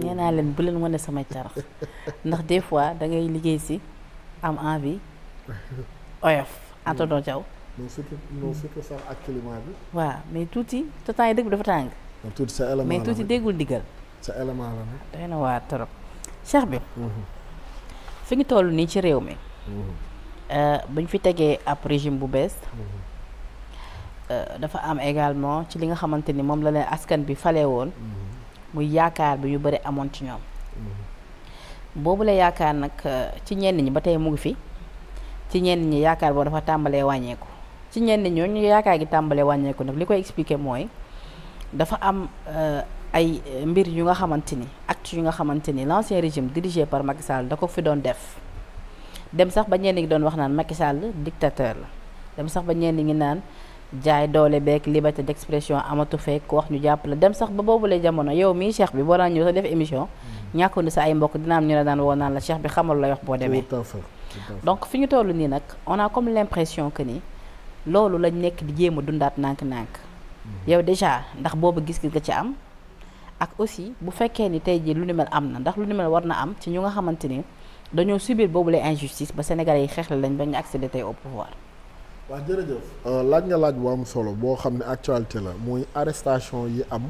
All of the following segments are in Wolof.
nee naa leen bu leen wane samay tara ndax des fois da ngay liggéey si am envie oyof anta doo jaw non bi waaw mais tuuti te temps yi dëgg bi dafa tàng tuuti sa élément mais tuuti déggul diggal sa na waa trop cheikh bi mhm. fi ngi toll nii ci réew mi mhm. euh, bañ fi tegee ab régime bu bees mhm. euh, dafa am également ci li nga xamante ni moom la leen askan bi fale woon muy yaakaar bi ñu bëri amoon ci ñoom mm-hmm. boobu la yaakaar nag euh, ci ñenn ñi ba tey mu ngi fi ci ñenn ñi yaakaar boo dafa tàmbalee wàññeeku ci ñenn ñooñu yaakaar gi tàmbalee wàññeeku nag li koy expliquer mooy dafa am euh, ay euh, mbir yu nga xamante ni acte yu nga xamante ni l'ancien régime dirigé par Macky Sall da ko fi doon def dem sax ba ñenn ngi doon wax naan Macky Sall dictateur la dem sax ba ñenn ngi naan jaay doole beeg liberté d'expression amatu fekk wax ñu jàpp la dem sax ba boobule jamono yow mii cheikh bi boo daan ñëw def émission mm. ñàkkoon ni sa ay mbokk dina am ñu la daan woo naan la cheikh bi xamal lay wax boo demee donc fi ñu toll nii nag on a comme l'impression que ni loolu lañ nekk di jéem a dundaat nànk-nànk mm. yow déjà ndax boobu gis-gis nga ci am ak aussi bu fekkee ni tey jii lu ni mel am na ndax lu ni mel war na am ci ñu nga xamante ni dañoo subir boobu lay injustice ba sénégalais yi xeex lañ ba ñu accéder tey au waaw jërëjëf euh, laaj nga laaj bu am solo boo xam ne actualité la muy arrestation yi am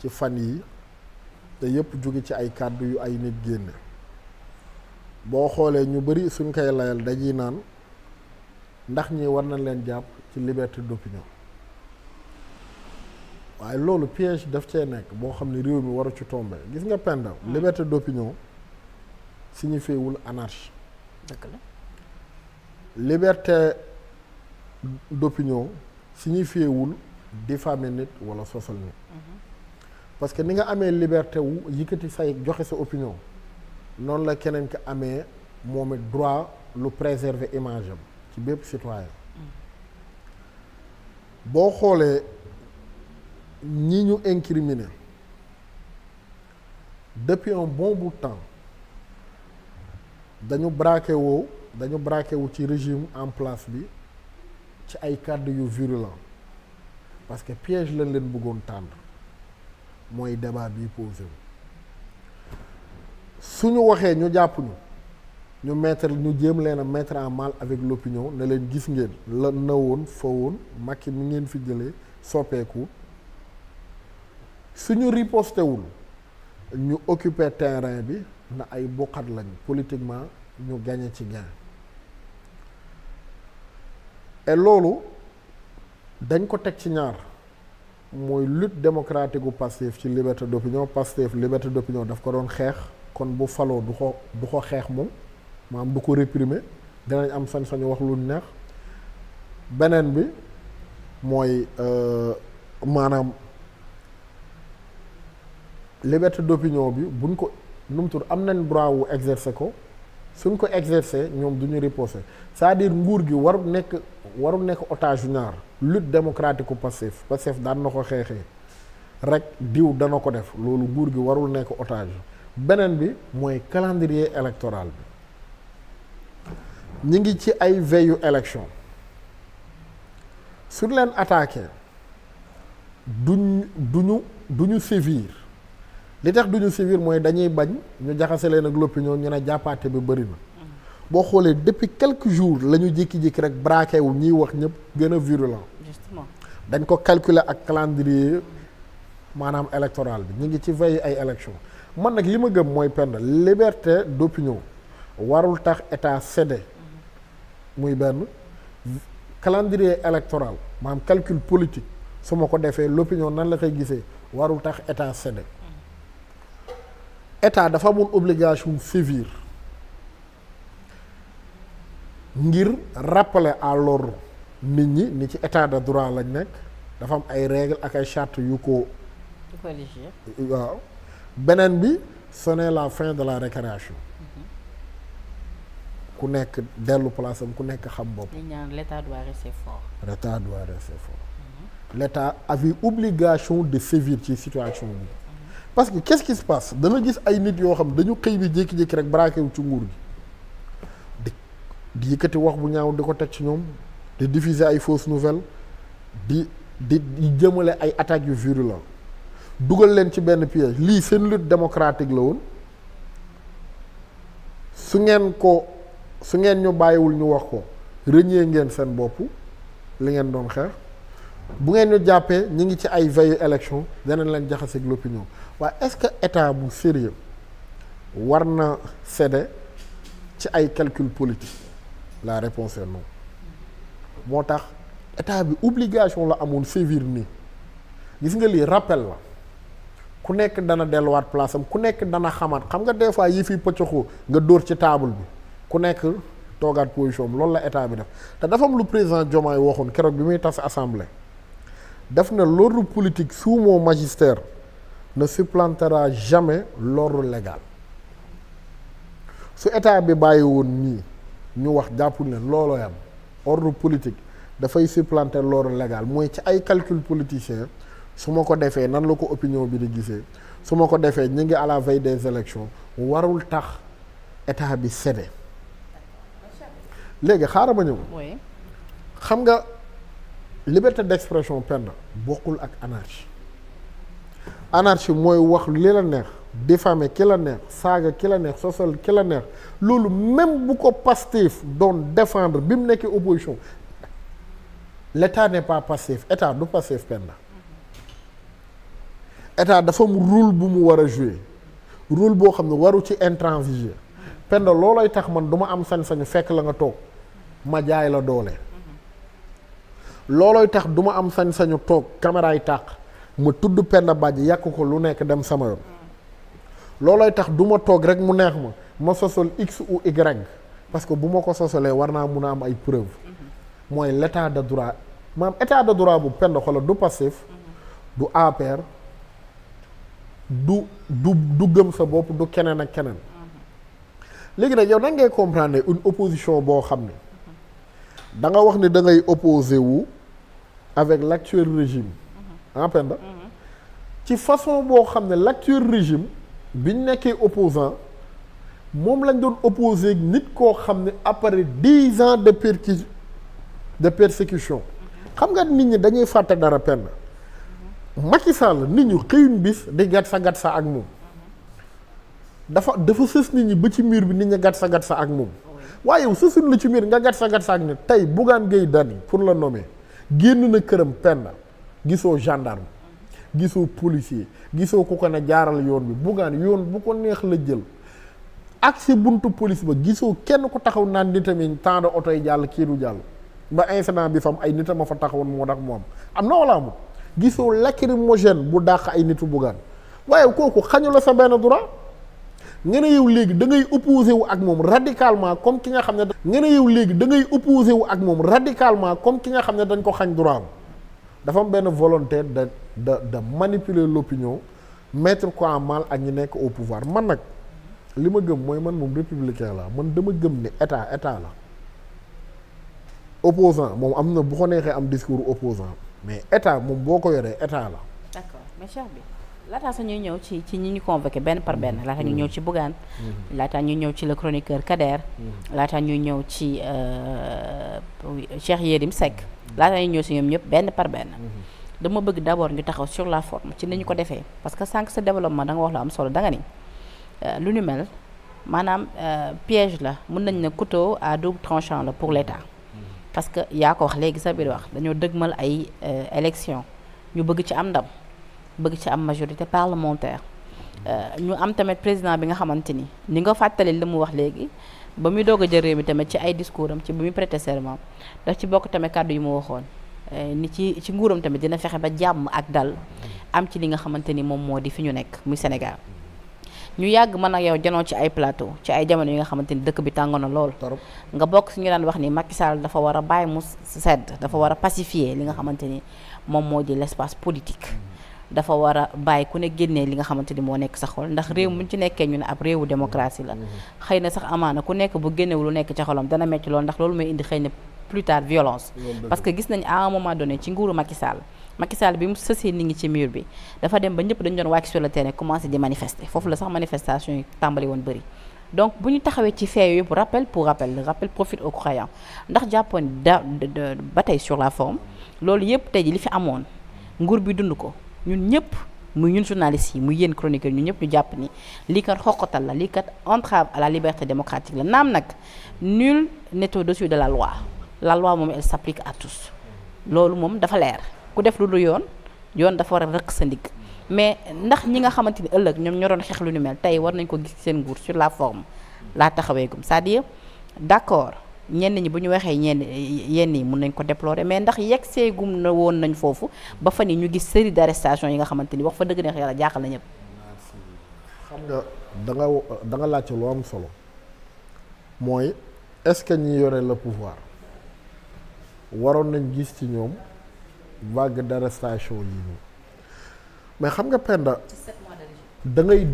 ci fan yi te yëpp jóge ci ay kàddu yu ay nit génne boo xoolee ñu bari suñ koy layal dañuy naan ndax ñi war nañ leen jàpp ci liberté d'opinion waaye loolu piège daf cee nekk boo xam ne réew mi waru ci tombé gis nga penda hmm. liberté d'opinion signifiewul anarchie dëgg la liberté d'opinion signifié wul diffamer nit wala sosal nit mhm. parce que ni nga amee liberté wu yëkkati say joxe sa opinion noonu la keneen ki amee moom it droit lu préserver image ci bépp citoyen mhm. boo xoolee ñi ñu incriminé depuis un bon bout temps dañu braqué woo dañu braqué wu ci régime en place bi ci ay kàddu yu virulent parce que piège lañ leen bëggoon tànd mooy débat bi posé wu suñu waxee ñu jàpp ñu ñu mettre ñu jéem leen a mettre en mal avec l'opinion ne leen gis ngeen la na woon fa woon Macky mi ngeen fi jëlee soppeeku suñu riposté wul ñu occuper terrain bi na ay bokkat lañ politiquement ñu gañe ci gain et loolu dañ ko teg ci ñaar mooy lut démocratique gu Pastef ci liberté d'opinion Pastef liberté d'opinion daf ko doon xeex kon bu faloo du xo du ko xeex moom maanaam du ko réprimer dinañ am sañ-sañu wax lu neex beneen bi mooy euh, maanaam liberté d'opinion bi buñ ko numtur am nañ droit wu exercer ko suñ ko exercer ñoom du ñu riposter cest à nguur gi warul nekk waru nekk otage yu ñaar lutte démocratique u Pastef Pastef daan na ko xeexee rek diw dana ko def loolu nguur gi warul nekk otage beneen bi mooy calendrier électoral bi ñi ngi ci ay veillu élection suñ leen attaqué duñ duñu duñu sévir li tax duñu suivre mooy dañuy bañ ñu jaxase leen ak l'opinion ñu ne jàppaate bi bëri na mm-hmm. boo xoolee depuis quelque jours la ñu jékki-jékki rek braqué wu ñuy wax ñëpp gën a virulent justement dañ ko calculer ak calendrier maanaam électoral bi ñu ngi ci veille ay élection man nag li ma gëm mooy pend liberté d'opinion warul tax état cédé mm-hmm. muy benn calendrier électoral maanaam calcul politique su ma ko defee l'opinion nan la koy gisee warul tax état cédé état dafa amoon obligation sévère ngir rappeler à l'ordre nit ñi ni ci état de droit lañ nekk dafa am ay règles ak ay chartes yu ko waaw beneen bi sonné la fin de la récréation mm-hmm. ku nekk dellu place ku nekk xam bopp l'état doit rester fort l'état doit rester mm-hmm. obligation de sévir ci situation bi parce que qu'est-ce qui se passe da gis ay nit yoo xam dañu xëy bi jékki-jékki rek braqué wu ci nguur gi di di yëkkati wax bu ñaaw di ko teg ci ñoom di diffuser ay fausses nouvelles di di jëmale ay attaques yu virulent dugal leen ci benn piège lii seen lutte démocratique la woon su ngeen ko su ngeen ñu bàyyiwul ñu wax ko rëñee ngeen seen bopp li ngeen doon xeex bu ngeen ñu jàppee ñu ngi ci ay veille élection danañ leen jaxaseeg l'opinion waaye est-ce que état bu sérieux war na céder ci ay calcul politique la réponse est moo tax état bi obligation la amoon sévir nii gis nga lii rappel la ku nekk dana delluwaat place ku nekk dana xamaat xam nga des fois yi fi pëccaxoo nga dóor ci table bi ku nekk toogaat position am loolu la état bi def te dafa lu président Diomaye waxoon keroog bi muy tas assemblée def na l'ordre politique sous mon na ne supplantera jamais l'ordre légal su état bi bàyyi woon nii ñu wax jàpp ne loolooy am ordre politique dafay supplanter l'ordre légal mooy ci ay calcul politicien su ma ko defee nan la ko opinion bi di gisee su ma ko defee ñu ngi à la veille des élections warul tax état bi cédé léegi xaaral ma ñëw xam nga liberté d'expression pend bokkul ak anarchie anarchie mooy wax li la neex diffamer ki la neex saaga ki la neex sosal ki la neex loolu même bu ko Pastef doon défendre bi mu nekkee opposition l'état n'est pas passif état du passif pend état dafa mu rôle bu mu war a jouer rôle boo xam ne waru ci intransiger pend loolooy tax man duma am sañ-sañu fekk la nga toog ma jaay la doole loolooy tax du ma am sañ-sañu toog caméra yi tàq ma tudd Penda Badji yàq ko lu nekk dem sama yoon loolooy tax du ma toog rek mu neex ma ma sosol x ou y parce que bu ma ko sosolee war naa mun a am ay preuve mooy l' de droit maam état de droit bu Penda xoolal du passif du APR du du du gëm sa bopp du keneen ak keneen léegi nag yow nan ngay comprendre une opposition boo xam ne da nga wax ni da ngay opposé wu avec l'actuel régime en mm-hmm. penda mm-hmm. ci façon boo xam ne l'actuel régime biñ nekkee opposant moom lañ doon opposé nit koo xam ne après dix ans de percu de persécution mm-hmm. xam nga nit ñi dañuy fàtte dara penn Macky Sall nit ñu xëyuñ bis di gàtt sa gàtt sa ak moom dafa dafa sës nit ñi ba ci miir bi nit ñi gàtt sa sa ak moom oh waaye sësuñ la ci miir nga gàtt sa gàtt ak nit tey Bougane Gueye Dany pour la nommer génn na këram penn gisoo gendarme gisoo policier gisoo ku ko ne jaaral yoon bi buggaan yoon bu ko neex la jël ak si buntu police ba gisoo kenn ku taxaw naan nitamit temps de oto yi jàll kii du jàll ba incident bi fam ay nitama fa taxawoon moo tax mu am am na wala amul gisoo lacrymogène bu dàq ay nitu buggaan waaye kooku xañu sa benn droit nga ne léegi da ngay opposé wu ak moom radicalement comme ki nga xam ne nga ne yow léegi da ngay wu ak moom radicalement comme ki nga xam ne dañ ko xañ droit dafa am benn volonté de de de manipuler l'opinion metre quoi en mal ak ñi nekk au pouvoir man nag li ma gëm mooy man moom républicain la man dama gëm ne état état la opposant moom am na bu ko neexee am discours opposant mais état moom boo ko yoree état la d'accord mais bi laataa sax ñuy ñëw ci ci ñi ñu convoqué benn par benn laata ñu mm-hmm. ñëw ci Bougane mm-hmm. laataa ñu ñëw ci le chroniqueur Kader mm-hmm. laataa ñu ñëw ci euh, yi mu Seck laataa ñu ñëw si ñoom ñëpp benn par benn dama bëgg d'abord ñu taxaw sur la forme ci ni ñu ko defee parce que sànq sa développement da nga wax lu am solo da nga ni euh, lu ñu mel maanaam euh, piège la mun nañ ne couteau à double tranchant la pour l'État parce que yaa ko wax léegi sa biir wax dañoo dëgmal ay élection ñu bëgg ci am ndam bëgg ci am majorité parlementaire euh, ñu am tamit président bi nga xamante ni ni nga fàttali li mu wax léegi ba muy doog a jël mi tamit ci ay discours am ci bi muy prêter serment daf ci bokk tamit kàddu yi mu waxoon euh, ni ci ci nguuram tamit dina fexe ba jàmm ak dal am ci li nga xamante ni moom moo di fi ñu nekk muy Sénégal ñu yàgg man ak yow janoo ci ay plateau ci ay jamono yi nga xamante ni dëkk bi tàngoon na lool nga bokk suñu daan wax ni Macky Sall dafa war a bàyyi mu sedd dafa war a pacifier li nga xamante ni moom moo di l' espace dafa war a bàyyi ku ne génnee li nga xamante ni moo nekk sa xol ndax réew mu ci nekkee ñu ne ab réewu démocratie la xëy na sax amaana ku nekk bu génnewu lu nekk ci xolam dana metti lool ndax loolu mooy indi xëy na plus tard violence parce que gis nañ à un moment donné ci nguuru Macky Sall Macky Sall bi mu sësee nit ñi ci miir bi dafa dem ba ñëpp dañu doon wàcc sur le terrain commencé di manifester foofu la sax manifestation yi tàmbali woon bëri donc bu ñu taxawee ci fee yëpp rappel pour rappel le rappel profite aux croyants ndax jàppoon da tey sur la forme loolu yëpp tey li fi amoon nguur bi dund ko ñun ñëpp muy ñun journalistes yi muy yéen chroniqueur ñun ñëpp ñu jàpp ni lii kat xoqatal la lii kat entrave à la liberté démocratique la naam nag nul n'est de dessus de la loi la loi moom elle s'applique à tous loolu moom dafa leer ku def lu dul yoon yoon dafa war a rëq sa ndigg mais ndax ñi nga xamante ni ëllëg ñoom ñoo doon xeex lu ni mel tey war nañ ko gis seen nguur sur la forme laa taxawee c'est-à-dire d'accord ñenn ñi bu ñu waxee ñenn yenn yi mun nañ ko déplorer mais ndax yegg seegum na woon nañ foofu ba fa ni ñu gis série d'arrestation yi nga xamante ni wax fa dëgg neex a jaaxal na ñëpp. xam nga da nga da nga laajte lu am solo ce que ñi yore le pouvoir waroon nañ gis ci ñoom vague d'arrestation yi nii mais xam nga Penda da ngay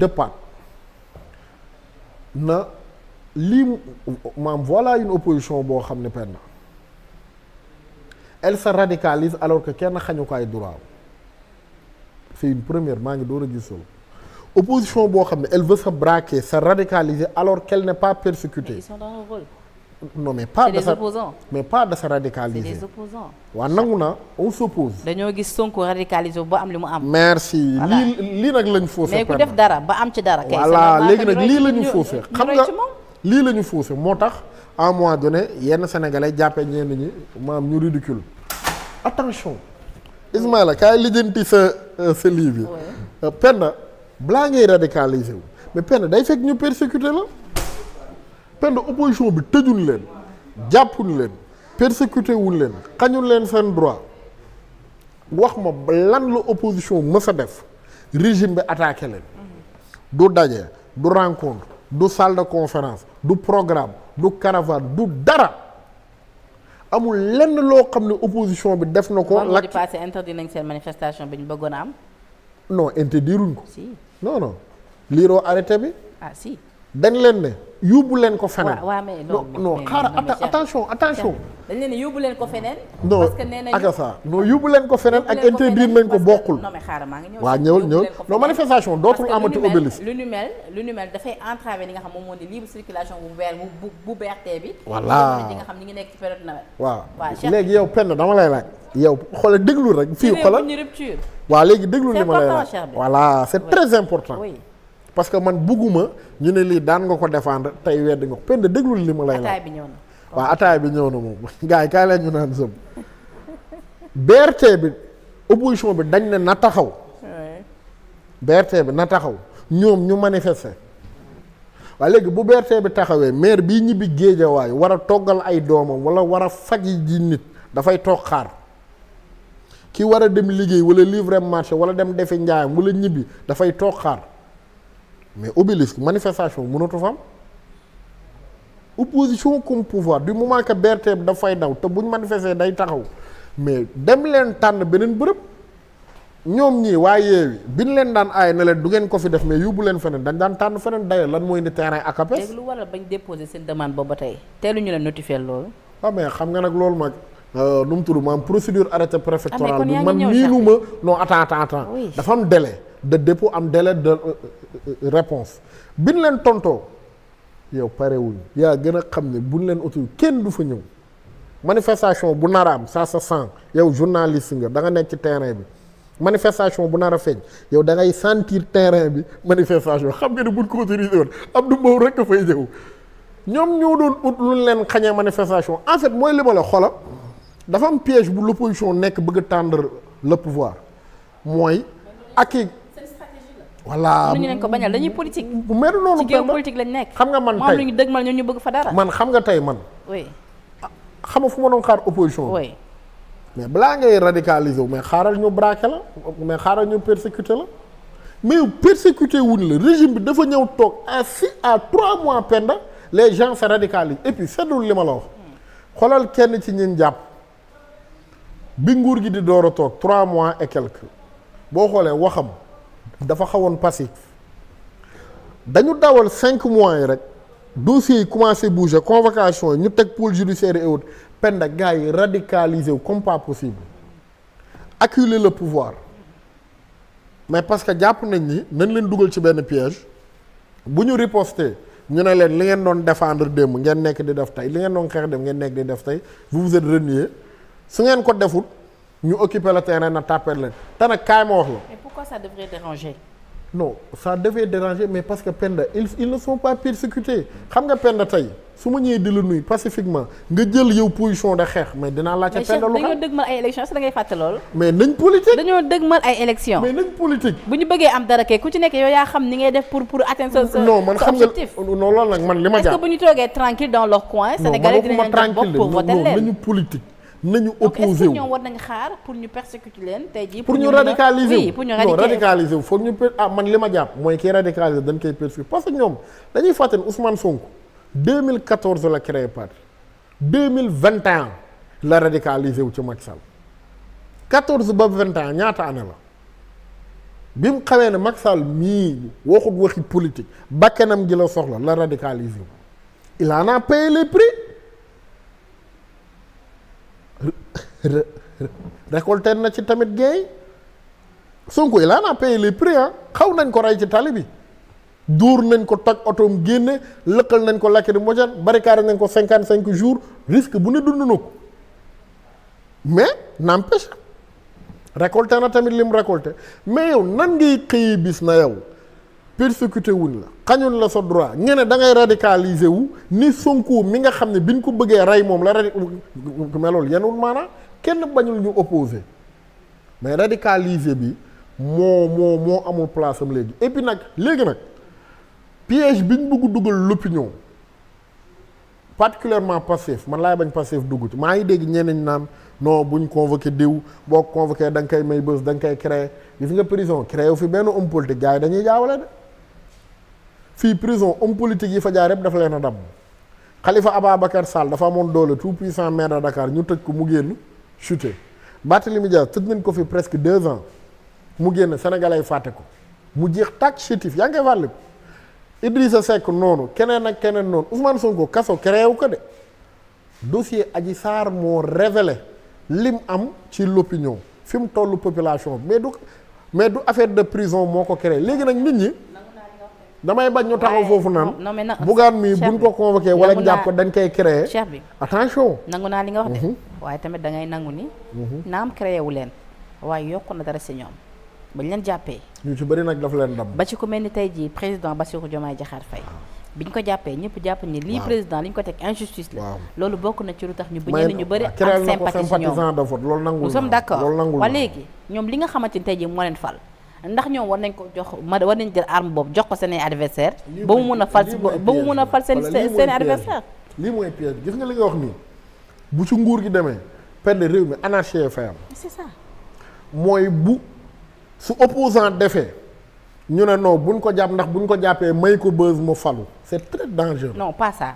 na. lii maam voilà une opposition boo xam ne penn elle sa radicalise alors que kenn xañu ko ay une première maa ngi door a gis loolu opposition boo xam ne elle veut sa braquer se radicaliser alors qu'elle n'est pas persécutée. mais ils sont dans mais pas de sa mais pas de se radicaliser. nangu na on s'oppose. dañoo gis Sonko radicaliser bu am li mu am. merci lii lii nag lañ faussé. mais ku def dara ba am ci dara. kay voilà léegi nag lii lañu faussé xam nga. lii la ñu moo tax en un moment donné yenn sénégalais jàppee ñenn ñi maam ñu ridicule attention Ismaïla kaay lijjanti sa euh, sa lii bi euh, penn balaa ngay radicaliser wu mais penn day fekk ñu persécuté la penn opposition bi tëjuñ leen jàppuñ leen persécuté wuñ leen xañul leen seen droit wax ma lan la opposition mës a def régime bi attaqué leen mhm. du daje du rencontre du salle de conférence du programme du caravane du dara amul lenn loo xam ne opposition bi def na ko. la di passé interdit nañ seen manifestation bi ñu bëggoon a am. non interdiruñ ko. si non non liiroo arrêté bi. Ah, dañ leen ne yóbbu leen ko feneen. waaw mais non non xaaral attention attention. dañ leen ne yóbbu leen ko feneen. parce que nee nañu ak ça non yóbbu leen ko feneen ak interdire nañ ko bokkul. non mais xaaral maa ngi ñëw waaw ñëwal ñëwal non manifestation dootul amati obélis. lu nu mel lu nu dafay entraver li nga xam moom moo di libre circulation bu weer bu bu berté bi. voilà li nga xam ngi nekk ci période nawet. waaw léegi yow penn dama lay laaj. yow xoola déglu rek. fii xoola ci rupture. waaw léegi déglu li ma lay laaj voilà c'est très important parce que man bugguma ñu ne lii daan nga ko défendre tey weddi nga ko pend déglul li ma lay la waa ataay bi ñëw na moom gars yi kaay ñu naan sëm BRT bi opposition bi dañ ne na taxaw BRT bi na taxaw ñoom ñu manifester waa léegi bu BRT bi taxawee maire bii ñibbi géejawaay war a toggal ay doomam wala war a faj ji nit dafay toog xaar ki war a dem liggéey wala livre marché wala dem defi njaayam wala ñibbi dafay toog xaar mais obélisque manifestation mënatu fa am opposition comme pouvoir du moment que BRT bi dafay daw te buñ manifester day taxaw mais dem leen tànn beneen bërëb ñoom ñii waa Yewwi bi ñu leen daan aay ne leen du ngeen ko fi def mais yóbbu leen feneen dañ daan tànn feneen daye lan mooy indi terrain ACAPES. léegi lu waral bañ déposer seen demande boobu ba tey teeluñu leen notifier loolu. ah mais xam nga nag loolu mag euh, nu mu tudd maam procédure arrêté ah, préfectorale bi man miinu ma non attends attends dafa am délai. de dépôt am délai de euh, euh, réponse biñ leen tontoo yow parewuñ yaa gën a xam ne buñ leen auto kenn du fa ñëw manifestation bu nara am sa se sent yow journaliste nga da nga nekk ci terrain bi manifestation bu nar a feeñ yow da ngay sentir terrain bi manifestation xam nga bu buñ ko autorisé woon Abdou Mbow rek a ñëw doon ut leen xañee manifestation en fait mooy li ma dafa am piège bu l'opposition nekk bëgg tendre le pouvoir mooy ak voilà ñu leen ko bañal dañuy politique. bu mel noonu ci géew politique lañ nekk. xam nga man tey lu ñu dëgmal ñoo ñu man xam nga tey man. oui. Ah, xam nga fu ma doon xaar opposition. oui mais balaa ngay radicaliser wu mais xaaral ñu braqué la mais xaaral ñu persécuté la mais persécuté wuñ la régime bi dafa ñëw toog si à trois mois penda les gens se radicalisent et puis li ma la wax. xoolal kenn ci ñin jàpp bi nguur gi di door a toog trois mois et quelque boo xoolee waxam. dafa xawoon passif dañu dawal cinq mois yi rek dossiers yi commencé bouger convocation yi ñu teg pôle judiciaire et autres penda gars yi radicalisé wu comme pas possible acculer le pouvoir mais parce que jàpp nañ ni nañ leen dugal ci benn piège bu ñu riposté ñu ne leen li ngeen doon défendre démb ngeen nekk di def tey li ngeen doon xeex dem ngeen nekk di def tey vous vous êtes su ngeen ko deful ñu occuper le terrain na tàppale leen te nag kaay ma wax la. mais pourquoi ça devrait déranger. non ça devait déranger mais parce que Penda ils ils ne sont pas persécutés xam nga Penda tey su ma ñëwee di la nuyu pacifiquement nga jël yow position de xeex mais dinaa laajte. Penda lu xam mais dañoo dëgmal ay élections da ay élections. mais nañ politique. bu ñu bëggee am dara kay ku ci nekk yow yaa xam ni ngay def pour pour atteindre sa man xam nga non loolu nag man li ma. nañu opposé wu ñoom war nañ xaar pour ñu persécuter leen pour ñu radicaliser wu ñu radicaliser ah man li ma jàpp mooy kii radicaliser dañ koy persécuter parce que ñoom dañuy fàtte ne Ousmane Sonko 2014 la créé parti 2021 la radicaliser wu ci Macky Sall 14 ba 21 ñaata année la bi mu xamee ne Macky Sall mii waxut waxi politique bakkanam ji la soxla la radicaliser wu il en a récolté na ci tamit gain Sonko il en a payé les prix ah xaw nañ ko rey ci tali bi duur nañ ko toj otoom génne lëkkal nañ ko lacrymogène barricade nañ ko cinquante cinq jours risque bu ne dund na ko mais n'empêche récolté na tamit lim récolté mais yow nan ngay xëyi bis na yow persécuté wuñ la xañun la sa droit nga ne da ngay radicaliser wu ni Sonko mi nga xam ne bi biñ ko bëggee rey moom la radi mais loolu yenwul maanaa kenn bañul ñu opposé mais radicalisé bi moo moo moo amul place am léegi et puis nag léegi nag bi piège biñ bëgg dugal l'opinion particulièrement passif man laay bañ passif dugg ci maa ngi dégg ñeneen naan no buñ convoqué diw boo convoqué da nga koy may bës da nga koy créé fi nga prison créé wu fi benn homme politique gars yi dañuy jaawale de fii prison homme politique yi fa jaar yëpp dafa leen a dam Khalifa Ababacar Sall dafa amoon doole tout puissant maire de Dakar ñu tëj ko mu génn chuté Barthélemy Dias tëj nañ ko fi presque deux ans mu génn sénégalais fàtte ko mu jeex takk chétif yaa ngi koy wàll Idrissa Seck noonu keneen ak keneen noonu Ousmane ko kaso créé wu ko de dossier Adji Sarr moo révélé lim am ci l'opinion fi mu toll population mais du mais du affaire de prison moo ko créé léegi nag nit ñi. damay bañ ñu taxaw foofu naan. non mais bugaan mi buñ ko convoqué wala ñu jàpp ko dañ nangu naa li nga wax de. Mhm. waaye tamit da ngay nangu ni. Mhm. naam créé wu leen. waaye yokk na dara si ñoom. bañ leen jàppee. ñu ci bëri nag dafa leen dam. ba ci ku mel ni tey jii président Bassirou Diomaye Diakhar Faye. Ah. biñ ko jàppee ñëpp jàpp ni lii président liñ ko teg injustice la loolu bokk na ci lu tax ñu bëñeen ñu bëri am sympathie si ñoom nous sommes d'accord waa léegi ñoom li nga xamante ni tey ji moo leen fal ndax ñoom war nañ ko jox ma war nañ jël arme boobu jox ko seen adversaire ba mu mun a fal ba mu mun a fal seen seen lii mooy piège gis nga li nga wax nii bu su nguur gi demee perd réew mi anarchie fay am mooy bu su opposant defee ñu ne non buñ ko jàpp ndax buñ ko jàppee may ko bës mu falu c'est très dangereux non pas ça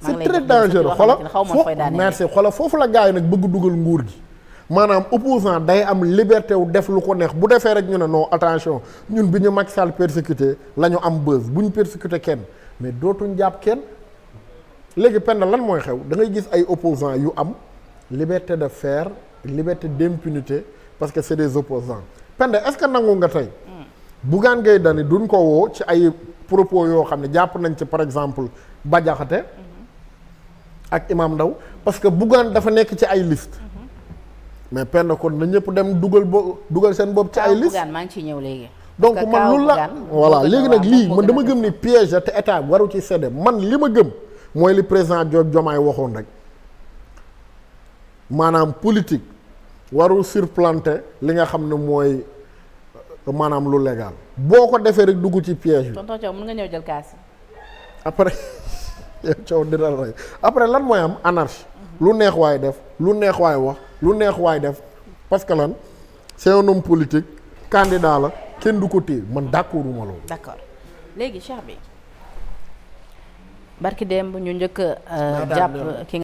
c'est très dangereux xola fo merci xola foofu la gars nag bëgg dugal nguur gi maanaam opposant day am liberté wu def lu ko neex bu defee rek ñu ne noo attention ñun bi ñu Macky Sall persécuté la ñu am bës bu ñu persécuté kenn mais dootuñ jàpp kenn léegi pend lan mooy xew da ngay gis ay opposant yu am liberté de faire liberté d'impunité parce que c'est des opposants pend est-ce que nangu nga tey Bougane Gueye Dany duñ ko woo ci ay propos yoo xam ne jàpp nañ ci par exemple Bah Diakhaté ak Imam Ndao parce que Bougane dafa nekk ci ay liste mais penn kon na ñëpp dem dugal bo dugal seen bopp. ci ay liste ngi ciy ñëw léegi. donc man loolu la voilà léegi nag lii man dama gëm ni piège la te état waru ci sedde man li ma gëm mooy li président Diop Diomaye waxoon rek maanaam politique warul surplanter li nga xam ne mooy euh, maanaam lu légal boo ko defee rek dugg ci piège bi. tonton Thiaw mën nga ñëw jël kaas après yow après lan mooy am anarchie. lu neex waay def lu neex waay wax lu neex waay def parce que lan c'est un homme politique candidat la kenn du ko téye man d'accord ma loolu. d'accord léegi Cheikh bi barki démb ñu njëkk euh, jàpp ki